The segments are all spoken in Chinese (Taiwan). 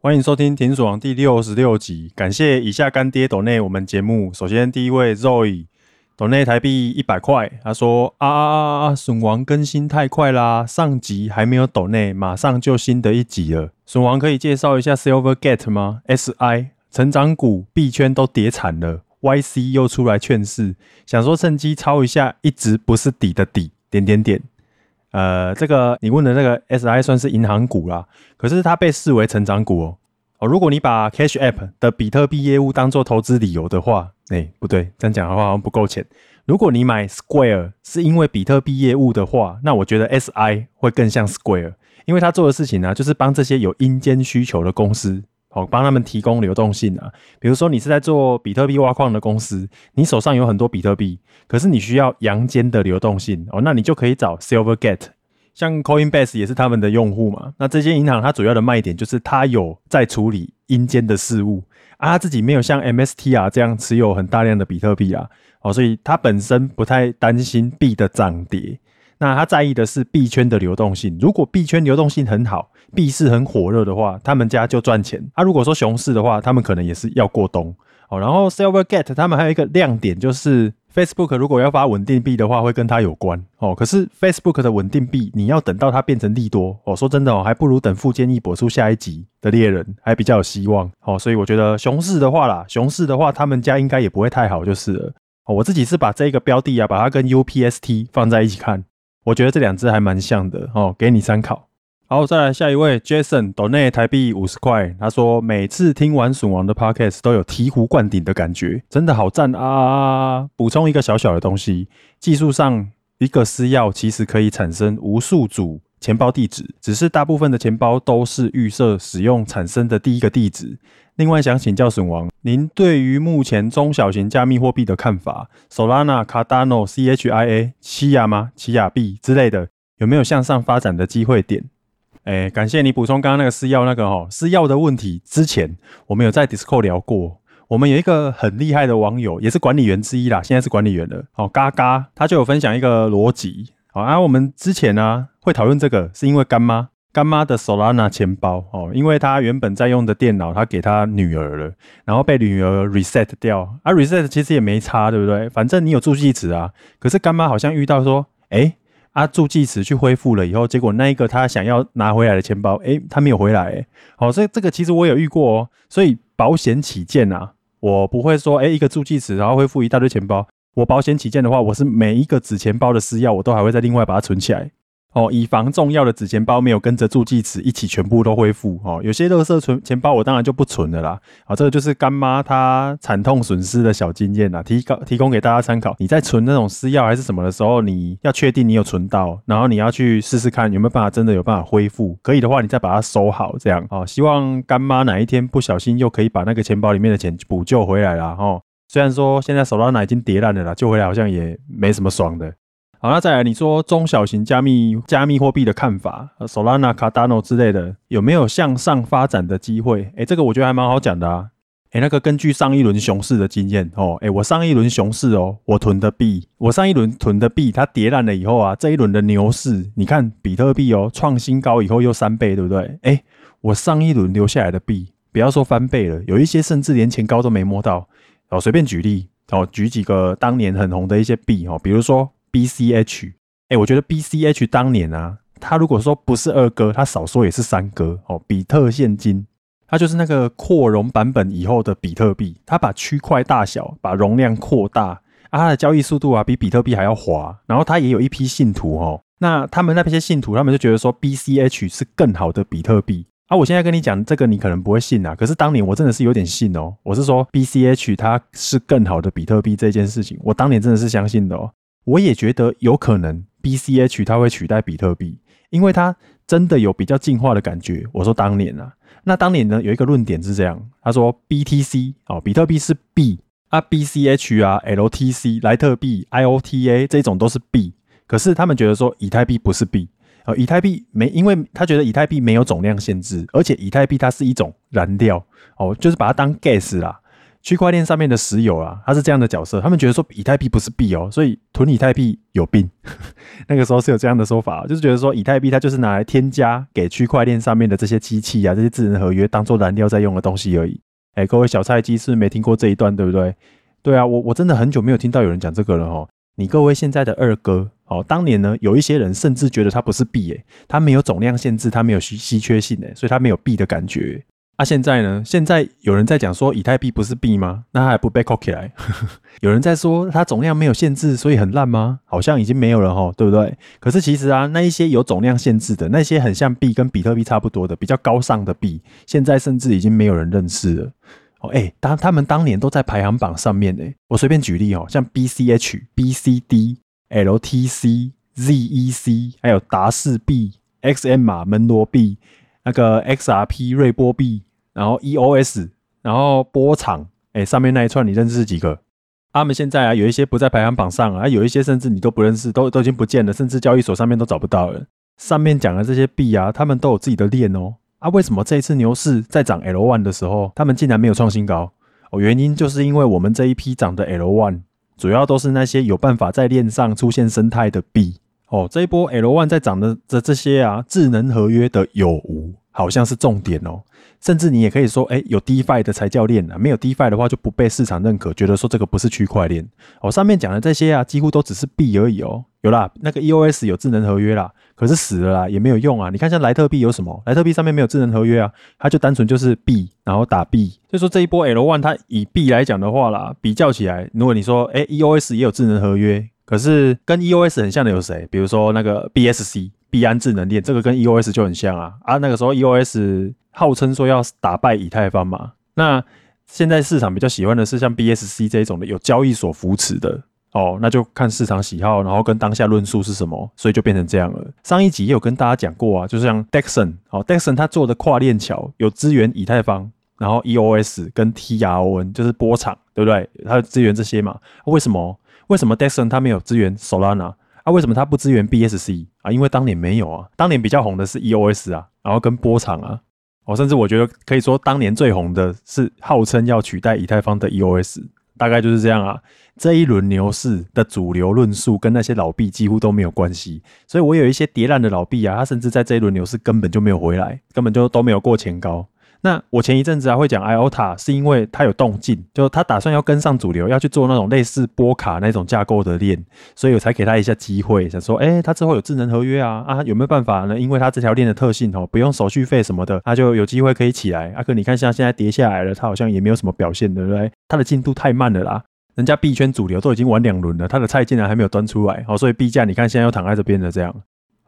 歡迎收聽《停損王》第六十六集，感謝以下乾爹抖內我們節目。首先，第一位 Zoey 抖內台幣一百塊，他說：“啊啊啊啊！損王更新太快啦，上集還沒有抖內，馬上就新的一集了。損王可以介紹一下 Silver Gate 嗎？S I 成長股幣圈都跌慘了，Y C 又出來勸世，想說趁機抄一下，一直不是底的底，點點點。”呃，這個你問的那個 S I 算是銀行股啦，可是它被視為成長股哦、喔。哦，如果你把 Cash App 的比特幣業務當做投資理由的話，哎、欸，不對，這樣講的話好像不夠錢。如果你買 Square 是因為比特幣業務的話，那我覺得 S I 會更像 Square，因為它做的事情呢、啊，就是幫這些有陰間需求的公司。好，幫他們提供流動性啊。比如說，你是在做比特幣挖礦的公司，你手上有很多比特幣，可是你需要陽間的流動性哦，那你就可以找 Silvergate，像 Coinbase 也是他們的用戶嘛。那這些銀行它主要的賣點就是它有在處理陰間的事務，而、啊、它自己沒有像 MSTR 這樣持有很大量的比特幣啊，哦，所以它本身不太擔心幣的漲跌。那他在意的是幣圈的流動性，如果幣圈流動性很好，幣市很火熱的話，他們家就賺錢。啊，如果說熊市的話，他們可能也是要過冬。哦，然後 Silvergate 他們還有一個亮點就是 Facebook 如果要發穩定幣的話，會跟它有關。哦，可是 Facebook 的穩定幣你要等到它變成利多。哦，說真的哦，還不如等富堅義博出下一集的獵人還比較有希望。哦，所以我覺得熊市的話啦，熊市的話他們家應該也不會太好，就是了。哦，我自己是把這個標的啊，把它跟 UPST 放在一起看。我覺得這兩隻還蠻像的哦，給你參考。好，再來下一位，Jason，斗內台幣五十塊，他說每次聽完損王的 podcast 都有醍醐灌頂的感覺，真的好讚啊，啊，啊，啊，啊，啊，啊！補充一個小小的東西，技術上一個私鑰其實可以產生無數組。錢包地址只是大部分的錢包都是預設使用產生的第一個地址。另外，想請教損王，您對於目前中小型加密貨幣的看法，Solana、Cardano、CHIA、奇亞嗎？奇亞幣之類的，有沒有向上發展的機會點？哎，感謝你補充剛剛那個私鑰那個哦，私鑰的問題。之前我們有在 Discord 聊過，我們有一個很厲害的網友，也是管理員之一啦，現在是管理員了。哦，嘎嘎，他就有分享一個邏輯。啊，我們之前呢、啊、會討論這個，是因為乾媽乾媽的 Solana 錢包哦，因為她原本在用的電腦，她給她女兒了，然後被女兒 reset 掉。啊 reset 其實也沒差，對不對？反正你有助記詞啊。可是乾媽好像遇到說，哎，啊助記詞去恢復了以後，結果那一個她想要拿回來的錢包，誒，她沒有回來、欸。哎，好，所以這個其實我有遇過哦。所以保險起見啊，我不會說，誒，一個助記詞然後恢復一大堆錢包。我保險起見的話，我是每一個紙錢包的私鑰，我都還會再另外把它存起來，哦，以防重要的紙錢包沒有跟着助記詞一起全部都恢復哦。有些垃圾存錢包，我當然就不存了啦。啊、哦，這個就是乾媽她慘痛損失的小經驗啦，提供提供給大家參考。你在存那種私鑰還是什麼的時候，你要確定你有存到，然後你要去試試看有沒有辦法真的有辦法恢復，可以的話，你再把它收好這樣。哦，希望乾媽哪一天不小心又可以把那個錢包裡面的錢補救回來啦。哦。雖然說現在索拉 a 已經跌爛了啦，就回來好像也沒什麼爽的。好，那再來你說中小型加密加密貨幣的看法，c 索拉 d 卡達諾之類的，有沒有向上發展的機會？哎、欸，這個我覺得還蠻好講的啊。哎、欸，那個根據上一輪熊市的經驗哦，哎、欸，我上一輪熊市哦，我囤的幣，我上一輪囤的幣，它跌爛了以後啊，這一輪的牛市，你看比特幣哦，創新高以後又三倍，對不對？哎、欸，我上一輪留下來的幣，不要說翻倍了，有一些甚至連前高都沒摸到。哦，隨便舉例哦，舉幾個當年很紅的一些幣哦，比如說 BCH，誒、欸，我覺得 BCH 當年啊，他如果說不是二哥，他少說也是三哥哦。比特現金，它就是那個擴容版本以後的比特幣，它把區塊大小、把容量擴大，啊，它的交易速度啊比比特幣還要滑，然後它也有一批信徒哦，那他們那批信徒，他們就覺得說 BCH 是更好的比特幣。啊，我現在跟你講這個，你可能不會信啊。可是當年我真的是有點信哦。我是說，BCH 它是更好的比特幣這件事情，我當年真的是相信的哦。我也覺得有可能 BCH 它會取代比特幣，因為它真的有比較進化的感覺。我說當年啊，那當年呢有一個論點是這樣，他說 BTC 哦，比特幣是幣啊，BCH 啊，LTC 萊特幣，IOTA 這種都是幣，可是他們覺得說以太幣不是幣。以太幣沒，因為他覺得以太幣沒有總量限制，而且以太幣它是一種燃料哦，就是把它當 gas 啦，區塊鏈上面的石油啊，它是這樣的角色。他們覺得說以太幣不是幣哦，所以囤以太幣有病。 那個時候是有這樣的說法，就是覺得說以太幣它就是拿來添加給區塊鏈上面的這些機器啊，這些智能合約當做燃料在用的東西而已。哎、欸，各位小菜雞是，是沒聽過這一段對不對？對啊，我我真的很久沒有聽到有人講這個了哦。你各位現在的二哥。哦，當年呢，有一些人甚至覺得它不是幣誒，它沒有總量限制，它沒有稀稀缺性誒，所以它沒有幣的感覺。啊，現在呢，現在有人在講說以太幣不是幣嗎？那還不 back off 起來？有人在說它總量沒有限制，所以很爛嗎？好像已經沒有了吼，對不對？可是其實啊，那一些有總量限制的那些很像幣跟比特幣差不多的比較高尚的幣，現在甚至已經沒有人認識了。哦，誒，當他們當年都在排行榜上面誒，我隨便舉例哦，像 BCH、BCD。LTC、ZEC，還有達世幣、XMR 門羅幣、那個 XRP 瑞波幣，然後 EOS，然後波場，欸，上面那一串你認識幾個？啊，他們現在啊，有一些不在排行榜上啊，啊有一些甚至你都不認識，都都已經不見了，甚至交易所上面都找不到了。上面講的這些幣啊，他們都有自己的鏈哦。啊，為什麼這一次牛市在漲 L1 的時候，他們竟然沒有創新高？哦，原因就是因為我們這一批漲的 L1。主要都是那些有辦法在鏈上出現生態的幣哦，這一波 L1 在漲的這這些啊，智能合約的有無好像是重點哦。甚至你也可以說，哎、欸，有 DeFi 的才叫鏈啊，沒有 DeFi 的話就不被市場認可，覺得說這個不是區塊鏈。哦，上面講的這些啊，幾乎都只是幣而已哦。有啦，那個 EOS 有智能合約啦，可是死了啦，也沒有用啊。你看像萊特幣有什麼？萊特幣上面沒有智能合約啊，它就單純就是幣，然後打幣。所以說，這一波 L1 它以幣來講的話啦，比較起來，如果你說，誒，EOS 也有智能合約，可是跟 EOS 很像的有誰？比如說那個 BSC，幣安智能鏈，這個跟 EOS 就很像啊。啊，那個時候 EOS 號稱說要打敗以太坊嘛，那現在市場比較喜歡的是像 BSC 這一種的有交易所扶持的。哦，那就看市場喜好，然後跟當下論述是什麼，所以就變成這樣了。上一集也有跟大家講過啊，就像 Dexon，哦、Dexon 他做的跨鏈橋有支援以太坊，然後 EOS 跟 TRON 就是波場，對不對？他有支援這些嘛？啊、為什麼？為什麼 Dexon 他沒有支援 Solana？啊，為什麼他不支援 BSC 啊？因為當年沒有啊，當年比較紅的是 EOS 啊，然後跟波場啊，哦，甚至我覺得可以說當年最紅的是號稱要取代以太坊的 EOS。大概就是這樣啊，這一輪牛市的主流論述跟那些老幣幾乎都沒有關係，所以我有一些跌爛的老幣啊，它甚至在這一輪牛市根本就沒有回來，根本就都沒有過前高。那我前一陣子啊會講 IOTA，是因為它有動靜，就它打算要跟上主流，要去做那種類似波卡那種架構的鏈，所以我才給它一下機會，想說，哎，它之後有智能合約啊啊，有沒有辦法呢？因為它這條鏈的特性哦，不用手續費什麼的，它就有機會可以起來。啊可，你看，現在跌下來了，它好像也沒有什麼表現，對不對？它的進度太慢了啦，人家幣圈主流都已經玩兩輪了，它的菜竟然還沒有端出來哦，所以幣價你看現在又躺在這邊了這樣。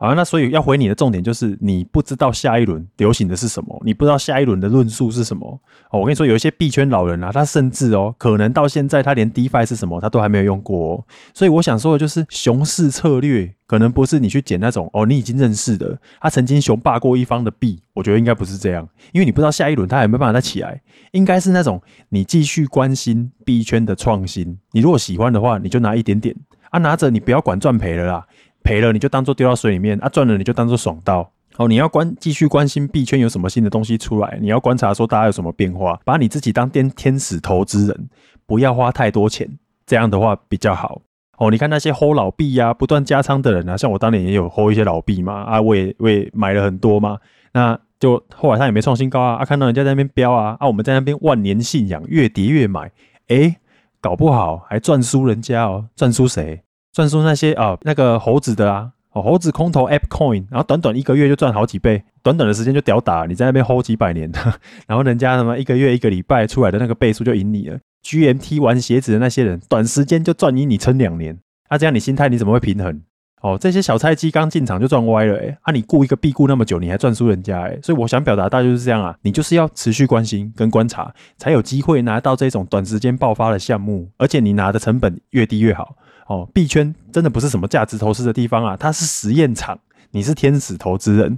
好、啊，那所以要回你的重點就是，你不知道下一輪流行的是什麼，你不知道下一輪的論述是什麼。哦，我跟你說，有一些幣圈老人啊，他甚至哦，可能到現在他連 DeFi 是什麼，他都還沒有用過、哦。所以我想說的就是，熊市策略可能不是你去撿那種哦，你已經認識的，他曾經雄霸過一方的幣，我覺得應該不是這樣，因為你不知道下一輪他有沒有辦法再起來。應該是那種你繼續關心幣圈的創新，你如果喜歡的話，你就拿一點點啊，拿着你不要管賺賠了啦。賠了你就當做丟到水裡面啊，賺了你就當做爽到哦。你要關繼續關心幣圈有什麼新的東西出來，你要觀察說大家有什麼變化，把你自己當天天使投資人，不要花太多錢，這樣的話比較好哦。你看那些 Hold 老幣呀，啊，不斷加倉的人啊，像我當年也有 Hold 一些老幣嘛，啊，我也我也買了很多嘛，那就後來他也沒創新高啊，啊，看到人家在那邊飆啊，啊，我們在那邊萬年信仰，越跌越買，哎，搞不好還賺輸人家哦，賺輸誰？賺輸那些啊、哦，那個猴子的啊、哦，猴子空投 ApeCoin，然後短短一個月就賺好幾倍，短短的時間就屌打了，你在那邊 Hold 幾百年呵呵，然後人家什麼一個月一個禮拜出來的那個倍數就贏你了。GMT 玩鞋子的那些人，短時間就賺贏你撐兩年，啊，這樣你心態你怎麼會平衡？哦，這些小菜雞剛進場就賺歪了、欸，哎，啊，你顧一個幣顧那麼久，你還賺輸人家、欸，哎，所以我想表達的就是這樣啊，你就是要持續關心跟觀察，才有機會拿到這種短時間爆發的項目，而且你拿的成本越低越好。哦，幣圈真的不是什麼價值投資的地方啊，它是實驗場。你是天使投資人。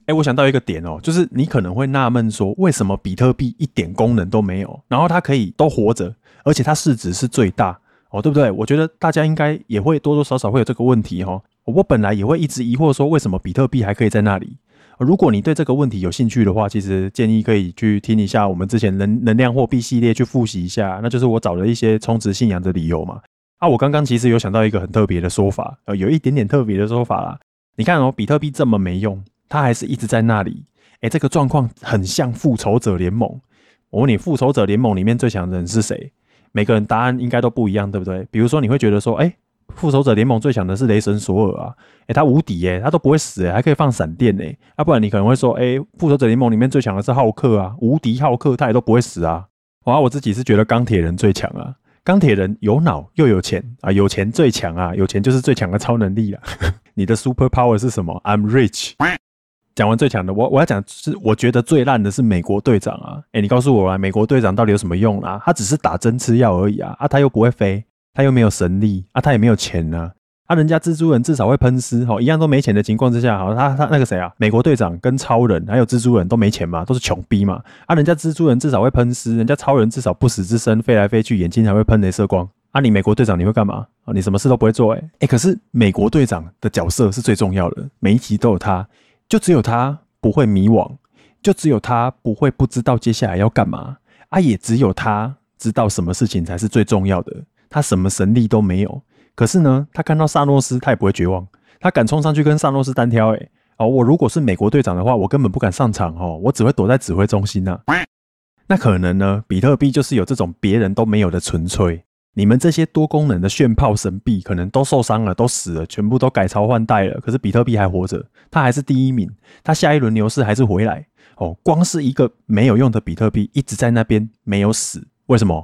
哎、欸，我想到一個點哦，就是你可能會納悶說，為什麼比特幣一點功能都沒有，然後它可以都活着，而且它市值是最大，哦，對不對？我覺得大家應該也會多多少少會有這個問題哈、哦。我本來也會一直疑惑說，為什麼比特幣還可以在那裡？如果你對這個問題有興趣的話，其實建議可以去聽一下我們之前能能量貨幣系列去復習一下，那就是我找了一些充值信仰的理由嘛。那、啊、我剛剛其實有想到一個很特別的說法，呃，有一點點特別的說法啦。你看哦，比特幣這麼沒用，它還是一直在那裡。誒、欸、這個狀況很像復仇者聯盟。我問你，復仇者聯盟裡面最強的人是誰？每個人答案應該都不一樣，對不對？比如說你會覺得說，誒、欸、復仇者聯盟最強的是雷神索爾啊，誒、欸、他無敵誒他都不會死、欸，還可以放閃電誒、欸、要、啊、不然你可能會說，誒、欸、復仇者聯盟裡面最強的是浩克啊，無敵浩克，他也都不會死啊。我、哦啊、我自己是覺得鋼鐵人最強啊。鋼鐵人有腦又有錢啊！有錢最強啊！有錢就是最強的超能力啊！ 你的 super power 是什麼？I'm rich。講完最強的，我我要講是我覺得最爛的是美國隊長啊！哎、欸，你告訴我啊，美國隊長到底有什麼用啊？他只是打針吃藥而已啊！啊，他又不會飛，他又沒有神力啊，他也沒有錢啊。啊，人家蜘蛛人至少會噴絲，吼、哦，一樣都沒錢的情況之下，好、哦，他他那個誰啊，美國隊長跟超人還有蜘蛛人都沒錢嘛，都是窮逼嘛。啊，人家蜘蛛人至少會噴絲，人家超人至少不死之身，飛來飛去，眼睛還會噴鐳射光。啊，你美國隊長你會幹嘛？啊、哦，你什麼事都不會做、欸，哎哎，可是美國隊長的角色是最重要的，每一集都有他，就只有他不會迷惘，就只有他不會不知道接下來要幹嘛，啊，也只有他知道什麼事情才是最重要的，他什麼神力都沒有。可是呢，他看到薩諾斯，他也不會絕望，他敢衝上去跟薩諾斯單挑、欸。哎，哦，我如果是美國隊長的話，我根本不敢上場哦，我只會躲在指揮中心吶、啊。那可能呢，比特幣就是有這種別人都沒有的純粹。你們這些多功能的炫炮神幣，可能都受傷了，都死了，全部都改朝換代了。可是比特幣還活着，它還是第一名，它下一輪牛市還是回來。哦，光是一個沒有用的比特幣一直在那邊沒有死，為什麼？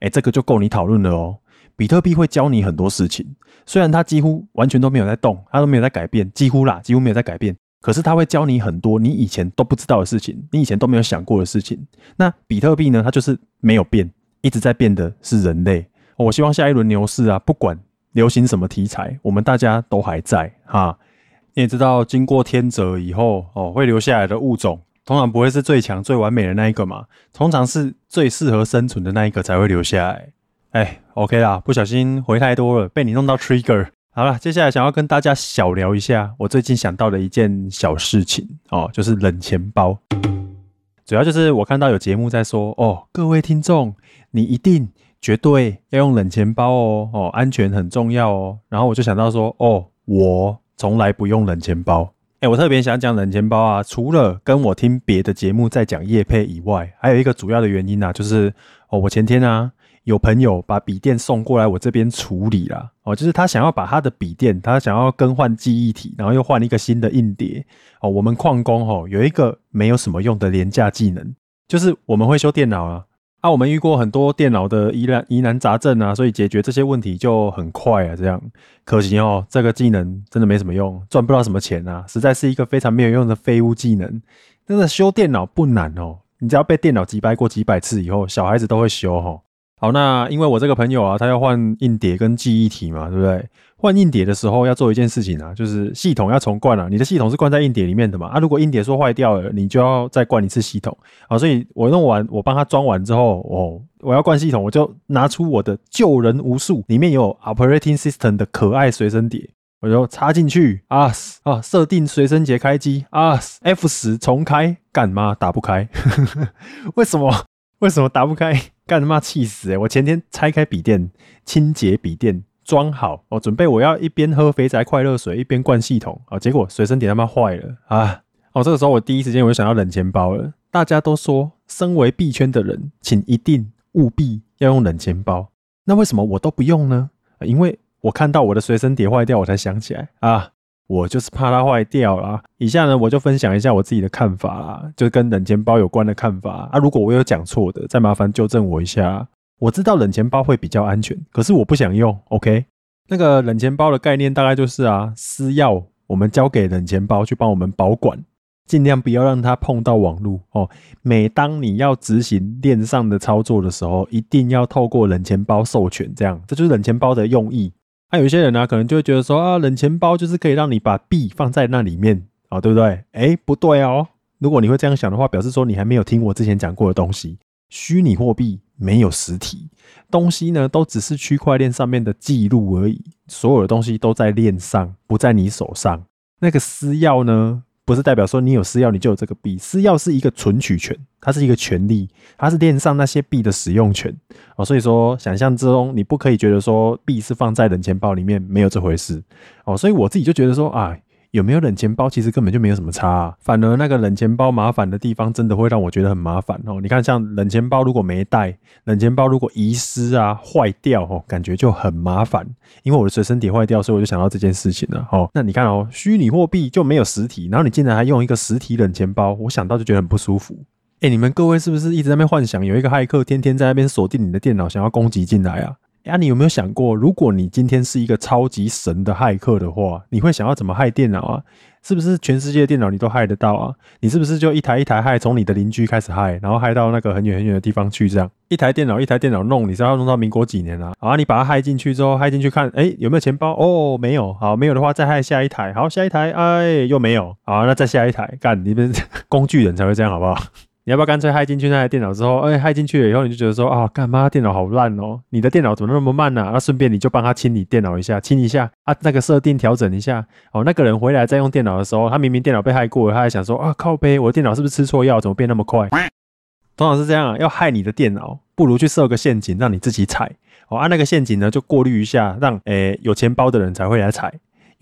哎、欸，這個就夠你討論了哦。比特幣會教你很多事情，雖然它幾乎完全都沒有在動，它都沒有在改變，幾乎啦，幾乎沒有在改變。可是它會教你很多你以前都不知道的事情，你以前都沒有想過的事情。那比特幣呢？它就是沒有變，一直在變的是人類。哦，我希望下一輪牛市啊，不管流行什麼題材，我們大家都還在哈。你也知道，經過天擇以後哦，會留下來的物種，通常不會是最強、最完美的那一個嘛，通常是最適合生存的那一個才會留下來。哎，OK 啦，不小心回太多了，被你弄到 trigger。好了，接下來想要跟大家小聊一下，我最近想到的一件小事情哦，就是冷錢包。主要就是我看到有節目在說哦，各位聽眾，你一定絕對要用冷錢包哦，哦，安全很重要哦。然後我就想到說，哦，我從來不用冷錢包。哎，我特別想講冷錢包啊，除了跟我聽別的節目在講業配以外，還有一個主要的原因呢、啊，就是哦，我前天呢、啊。有朋友把筆電送過來，我這邊處理了哦。就是他想要把他的筆電，他想要更換記憶體，然後又換一個新的硬碟哦。我們礦工吼、哦、有一個沒有什麼用的廉價技能，就是我們會修電腦啊。啊，我們遇過很多電腦的疑難疑難雜症啊，所以解決這些問題就很快啊。這樣可惜哦，這個技能真的沒什麼用，賺不到什麼錢啊，實在是一個非常沒有用的廢物技能。真的修電腦不難哦，你只要被電腦擊敗過幾百次以後，小孩子都會修吼、哦。好，那因為我這個朋友啊，他要換硬碟跟記憶體嘛，對不對？換硬碟的時候要做一件事情啊，就是系統要重灌了、啊。你的系統是灌在硬碟裡面的嘛？啊，如果硬碟說壞掉了，你就要再灌一次系統。好，所以我弄完，我幫他裝完之後，哦，我要灌系統，我就拿出我的救人無數，裡面有 operating system 的可愛隨身碟，我就插進去，啊，啊，設定隨身碟開機，啊，F10 重開，幹嘛？打不開？ 為什麼？為什麼打不開？幹他媽氣死、欸！我前天拆開筆電清潔筆電裝好，我、哦、準備我要一邊喝肥宅快樂水一邊灌系統啊、哦！結果隨身碟他媽壞了啊！哦，這個時候我第一時間我就想到冷錢包了。大家都說，身為幣圈的人，請一定務必要用冷錢包。那為什麼我都不用呢？因為我看到我的隨身碟壞掉，我才想起來啊。我就是怕它壞掉啦。以下呢，我就分享一下我自己的看法啦，就是跟冷錢包有關的看法啊，啊。如果我有講錯的，再麻煩糾正我一下。我知道冷錢包會比較安全，可是我不想用。OK，那個冷錢包的概念大概就是啊，私鑰我們交給冷錢包去幫我們保管，盡量不要讓它碰到網絡哦。每當你要執行鏈上的操作的時候，一定要透過冷錢包授權，這樣這就是冷錢包的用意。那、啊、有些人呢、啊，可能就會覺得說啊，冷錢包就是可以讓你把幣放在那裡面啊、哦，對不對？哎，不對哦。如果你會這樣想的話，表示說你還沒有聽我之前講過的東西。虛擬貨幣沒有實體，東西呢，都只是區塊鏈上面的記錄而已。所有的東西都在鏈上，不在你手上。那個私鑰呢？不是代表說你有私鑰，你就有這個幣。私鑰是一個存取權，它是一個權利，它是鏈上那些幣的使用權哦。所以說，想象中你不可以覺得說幣是放在冷錢包裡面，沒有這回事哦。所以我自己就覺得說，哎、啊。有沒有冷錢包？其實根本就沒有什麼差，啊，反而那個冷錢包麻煩的地方，真的會讓我覺得很麻煩哦。你看，像冷錢包如果沒帶，冷錢包如果遺失啊，壞掉哦，感覺就很麻煩。因為我的隨身體壞掉，所以我就想到這件事情了哦。那你看哦，虛擬貨幣就沒有實體，然後你竟然還用一個實體冷錢包，我想到就覺得很不舒服。哎，你們各位是不是一直在那邊幻想有一個駭客天天在那邊鎖定你的電腦，想要攻擊進來啊？哎、欸，啊、你有沒有想過，如果你今天是一個超級神的駭客的話，你會想要怎麼駭電腦啊？是不是全世界的電腦你都駭得到啊？你是不是就一台一台駭，從你的鄰居開始駭，然後駭到那個很遠很遠的地方去？這樣一台電腦一台電腦弄，你是要弄到民國幾年啊？好啊，你把它駭進去之後，駭進去看，誒、欸，有沒有錢包？哦，沒有，好，沒有的話再駭下一台，好，下一台，哎，又沒有，好，那再下一台，幹，你們工具人才會這樣，好不好？你要不要乾脆害進去那台電腦之後，哎、欸，害進去了以後，你就覺得說啊，幹嘛？電腦好爛哦，你的電腦怎麼那麼慢啊？那、啊、順便你就幫他清理電腦一下，清一下啊，那個設定調整一下。哦，那個人回來再用電腦的時候，他明明電腦被害過了，他還想說啊，靠北，我的電腦是不是吃錯藥，怎麼變那麼快？通常是這樣，要害你的電腦，不如去設個陷阱讓你自己踩。哦，啊，那個陷阱呢，就過濾一下，讓誒、欸、有錢包的人才會來踩。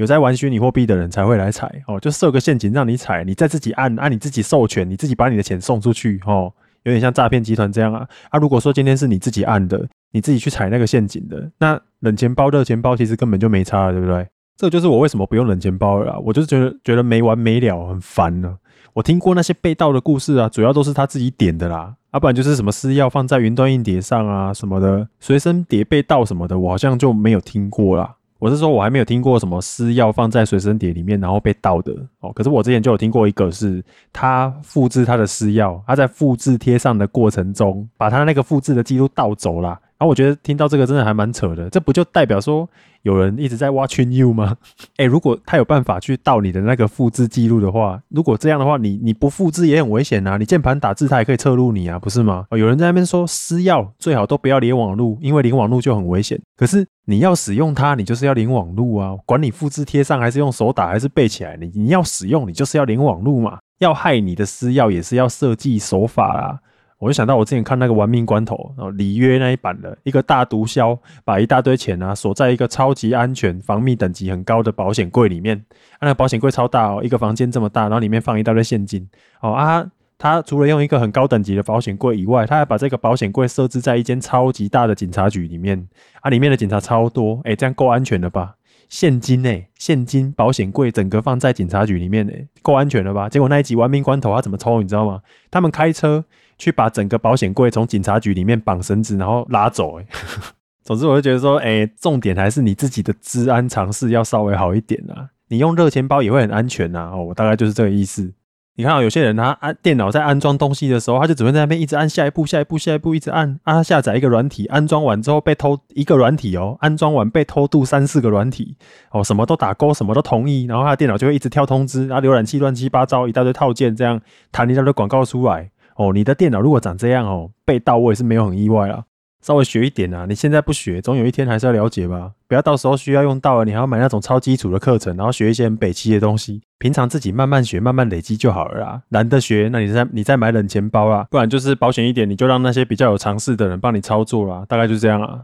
有在玩虛擬貨幣的人才會來踩哦，就設個陷阱讓你踩，你再自己按按，啊、你自己授權，你自己把你的錢送出去哦，有點像詐騙集團這樣啊啊。如果說今天是你自己按的，你自己去踩那個陷阱的，那冷錢包熱錢包其實根本就沒差了，對不對？這就是我為什麼不用冷錢包了啦，我就是覺得覺得沒完沒了，很煩呢，啊。我聽過那些被盜的故事啊，主要都是他自己點的啦，要，啊、不然就是什麼私鑰放在雲端硬碟上啊什麼的，隨身碟被盜什麼的，我好像就沒有聽過啦。我是說，我還沒有聽過什麼私鑰，放在隨身碟裡面然後被盜的哦。可是我之前就有聽過一個是，是他複製他的私鑰，他在複製貼上的過程中，把他那個複製的記錄盜走啦。然、啊、後我覺得聽到這個真的還蠻扯的，這不就代表說有人一直在挖圈 you 嗎？哎？如果他有辦法去盜你的那個複製記錄的話，如果這樣的話，你你不複製也很危險啊。你鍵盤打字他也可以側錄你啊，不是嗎？哦、有人在那邊說私鑰最好都不要連網路，因為連網路就很危險。可是你要使用它，你就是要連網路啊，管你複製貼上還是用手打還是背起來，你你要使用，你就是要連網路嘛。要害你的私鑰也是要設計手法啊。我就想到我之前看那個《玩命關頭》哦，里約那一版的一個大毒梟，把一大堆錢啊鎖在一個超級安全、防密等級很高的保險櫃裡面。啊，那個保險櫃超大哦，一個房間這麼大，然後裡面放一大堆現金。哦啊，他除了用一個很高等級的保險櫃以外，他還把這個保險櫃設置在一間超級大的警察局裡面啊，裡面的警察超多，誒、欸，這樣夠安全了吧？現金誒、欸，現金保險櫃整個放在警察局裡面誒、欸，夠安全了吧？結果那一集《玩命關頭》，他怎麼抽你知道嗎？他們開車。去把整個保險櫃從警察局裡面綁繩子，然後拉走、欸。 總之我就覺得說、欸，重點還是你自己的治安常識要稍微好一點啊。你用熱錢包也會很安全吶、啊。哦，我大概就是這個意思。你看、哦、有些人他安、啊、電腦在安裝東西的時候，他就只會在那邊一直按下一步、下一步、下一步，下一步一直按啊。他下載一個軟體，安裝完之後被偷一個軟體哦。安裝完被偷渡三四個軟體哦，什麼都打勾，什麼都同意，然後他電腦就會一直跳通知，然後瀏覽器亂七八糟一大堆套件，這樣彈一大堆廣告出來。哦，你的電腦如果長這樣哦，被盜我也是沒有很意外啦。稍微學一點啊，你現在不學，總有一天還是要了解吧。不要到時候需要用到了，你還要買那種超基礎的課程，然後學一些很北七的東西。平常自己慢慢學，慢慢累積就好了啦。懶得學，那你再你再買冷錢包啦，不然就是保險一點，你就讓那些比較有常識的人幫你操作啦。大概就這樣啊。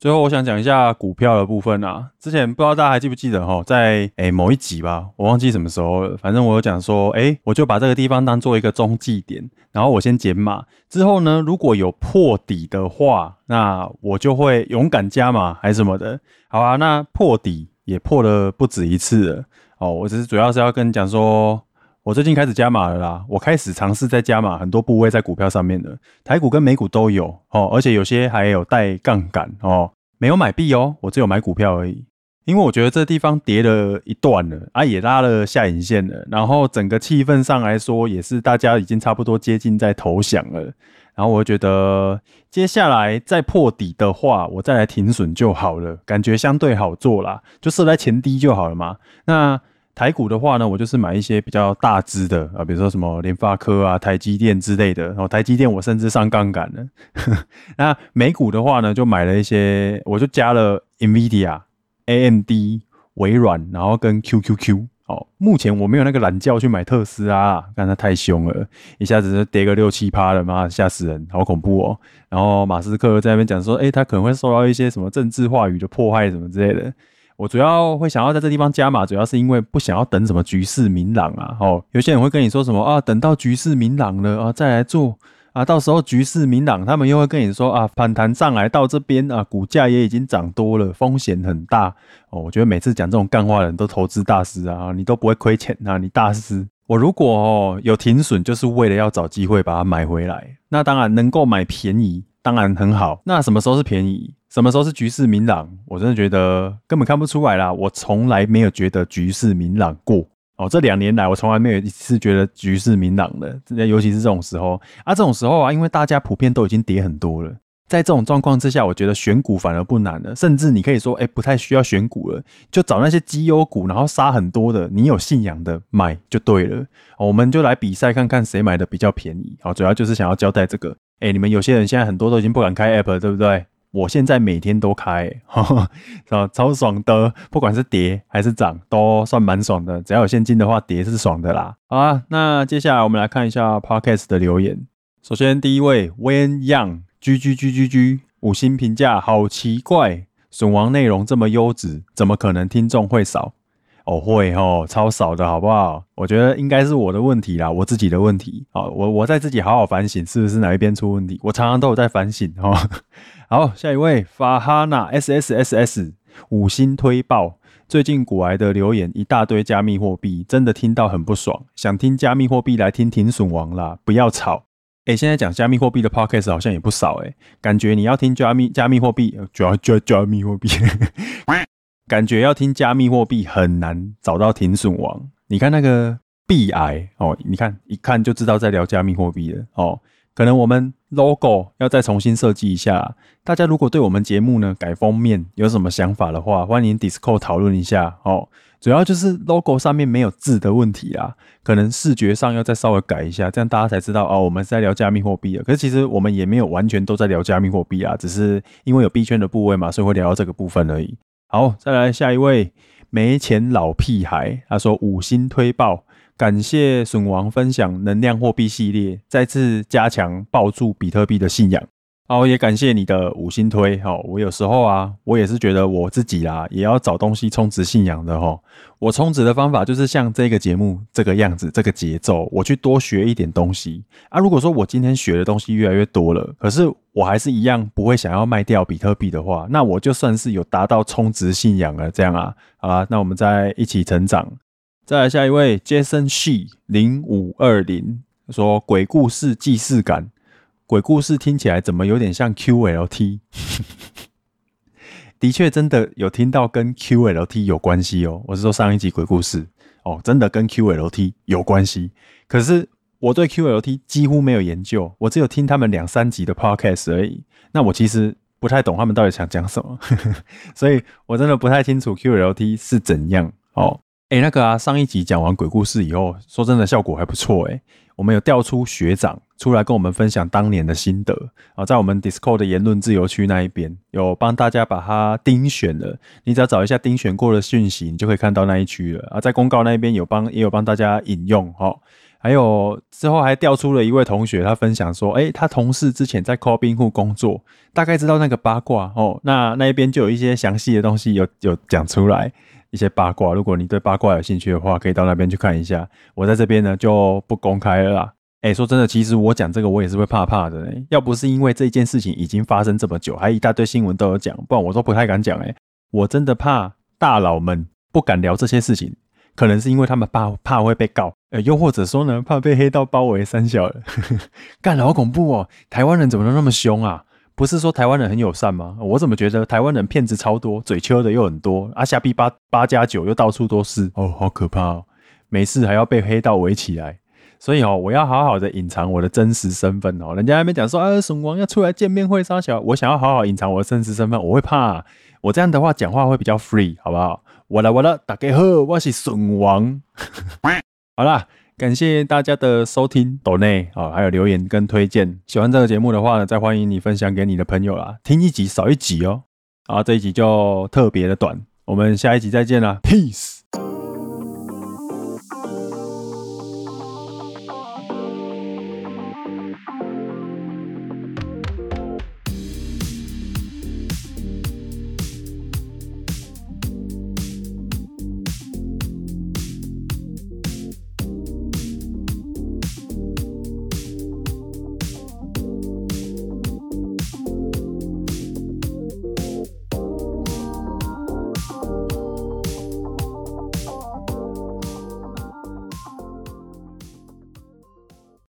最後我想講一下股票的部分啊，之前不知道大家還記不記得哈，在誒、欸、某一集吧，我忘記什麼時候了，反正我有講說，誒、欸、我就把這個地方當做一個中繼點，然後我先減碼，之後呢，如果有破底的話，那我就會勇敢加碼還是什麼的。好啊，那破底也破了不止一次了哦，我只是主要是要跟你講說。我最近開始加碼了啦，我開始嘗試再加碼很多部位在股票上面了，台股跟美股都有哦，而且有些還有帶槓桿哦，沒有買幣哦，我只有買股票而已，因為我覺得這地方跌了一段了啊，也拉了下影線了，然後整個氣氛上來說也是大家已經差不多接近在投降了，然後我覺得接下來再破底的話，我再來停損就好了，感覺相對好做啦，就設在前低就好了嘛，那。台股的話呢，我就是買一些比較大隻的啊，比如說什麼聯發科啊、台積電之類的。然、喔、後台積電我甚至上槓桿了呵呵。那美股的話呢，就買了一些，我就加了 NVIDIA、AMD、微軟，然後跟 QQQ、喔。好，目前我沒有那個懶覺去買特斯拉，但它太兇了，一下子就跌個六七趴了，媽的嚇死人，好恐怖哦、喔。然後馬斯克在那邊講說，哎、欸，他可能會受到一些什麼政治話語的迫害什麼之類的。我主要會想要在這地方加碼，主要是因為不想要等什麼局勢明朗啊。哦，有些人會跟你說什麼啊，等到局勢明朗了啊再來做啊，到時候局勢明朗，他們又會跟你說啊，反彈上來到這邊啊，股價也已經漲多了，風險很大哦。我覺得每次講這種幹話的人都投資大師啊，你都不會虧錢啊，你大師。我如果，哦，有停損，就是為了要找機會把它買回來。那當然能夠買便宜，當然很好。那什麼時候是便宜？什麼時候是局勢明朗？我真的覺得根本看不出來啦，我從來沒有覺得局勢明朗過哦。這兩年來，我從來沒有一次覺得局勢明朗的，尤其是這種時候啊。這種時候啊，因為大家普遍都已經跌很多了，在這種狀況之下，我覺得選股反而不難了，甚至你可以說，哎，不太需要選股了，就找那些績優股，然後殺很多的，你有信仰的買就對了。哦，我們就來比賽看看誰買的比較便宜。哦，主要就是想要交代這個。哎，你們有些人現在很多都已經不敢開 App 了，對不對？我現在每天都開，哈哈，超爽的，不管是跌還是漲，都算蠻爽的。只要有現金的話，跌是爽的啦。好啊，那接下來我們來看一下 Podcast 的留言。首先，第一位 Wen Young，G G G G G，五星評價，好奇怪，損王內容這麼優質，怎麼可能聽眾會少？我、哦、會哦，超少的好不好？我覺得應該是我的問題啦，我自己的問題。我我在自己好好反省，是不是哪一邊出問題？我常常都有在反省哦。好，下一位法哈娜 S S S S 五星推爆，最近古來的留言一大堆加密貨幣，真的聽到很不爽。想聽加密貨幣來聽停損王啦，不要吵。哎、欸，現在講加密貨幣的 podcast 好像也不少哎、欸，感覺你要聽加密加密貨幣，加加加密貨幣。 感覺要聽加密貨幣很難找到停損王。你看那個 B i 哦，你看一看就知道在聊加密貨幣了哦。可能我們 logo 要再重新設計一下。大家如果對我們節目呢改封面有什麼想法的話，歡迎 Discord 討論一下哦。主要就是 logo 上面沒有字的問題啦，可能視覺上要再稍微改一下，這樣大家才知道哦，我們是在聊加密貨幣的。可是其實我們也沒有完全都在聊加密貨幣啊，只是因為有 B 圈的部位嘛，所以會聊到這個部分而已。好，再來下一位，沒錢老屁孩，他說五星推爆，感謝損王分享能量貨幣系列，再次加強抱住比特幣的信仰。好，也感謝你的五星推。好，我有時候啊，我也是覺得我自己啦、啊，也要找東西充值信仰的齁。我充值的方法就是像這個節目這個樣子這個節奏，我去多學一點東西啊。如果說我今天學的東西越來越多了，可是我還是一樣不會想要賣掉比特幣的話，那我就算是有達到充值信仰了。這樣啊，好啦，那我們再一起成長。再來下一位，Jason She 零五二零說鬼故事既視感。鬼故事聽起來怎麼有點像 QLT？ 的確，真的有聽到跟 QLT 有關係哦。我是說上一集鬼故事哦，真的跟 QLT 有關係。可是我對 QLT 幾乎沒有研究，我只有聽他們兩三集的 podcast 而已。那我其實不太懂他們到底想講什麼， 所以我真的不太清楚 QLT 是怎樣哦。哎、欸，那個啊，上一集講完鬼故事以後，說真的效果還不錯哎、欸。我們有調出學長出來跟我們分享當年的心得啊，在我們 Discord 的言論自由區那一邊，有幫大家把它釘選了。你只要找一下釘選過的訊息，你就可以看到那一區了啊。在公告那邊有幫也有幫大家引用哦，還有之後還調出了一位同學，他分享說，哎、欸，他同事之前在 Cobin 庫工作，大概知道那個八卦哦。那那一邊就有一些詳細的東西有，有有講出來。一些八卦，如果你對八卦有興趣的話，可以到那邊去看一下。我在這邊呢就不公開了啦。誒，說真的，其實我講這個我也是會怕怕的。要不是因為這件事情已經發生這麼久，還一大堆新聞都有講，不然我都不太敢講。誒，我真的怕大佬們不敢聊這些事情，可能是因為他們怕怕會被告誒，又或者說呢怕被黑道包圍三小人， 幹好恐怖哦！台灣人怎麼都那麼兇啊？不是說台灣人很友善嗎？哦、我怎麼覺得台灣人騙子超多，嘴秋的又很多，阿下 B 八八加九又到處都是，哦，好可怕，哦！沒事還要被黑道圍起來，所以哦，我要好好的隱藏我的真實身份哦。人家還沒講說，啊，損王要出來見面會，啥小，我想要好好隱藏我的真實身份，我會怕，我這樣的話講話會比較 free，好不好？我來，我來，大家好，我是損王， 好啦感謝大家的收聽、斗內啊，還有留言跟推薦。喜歡這個節目的話呢，再歡迎你分享給你的朋友啦，聽一集少一集哦。啊，這一集就特別的短，我們下一集再見啦。Peace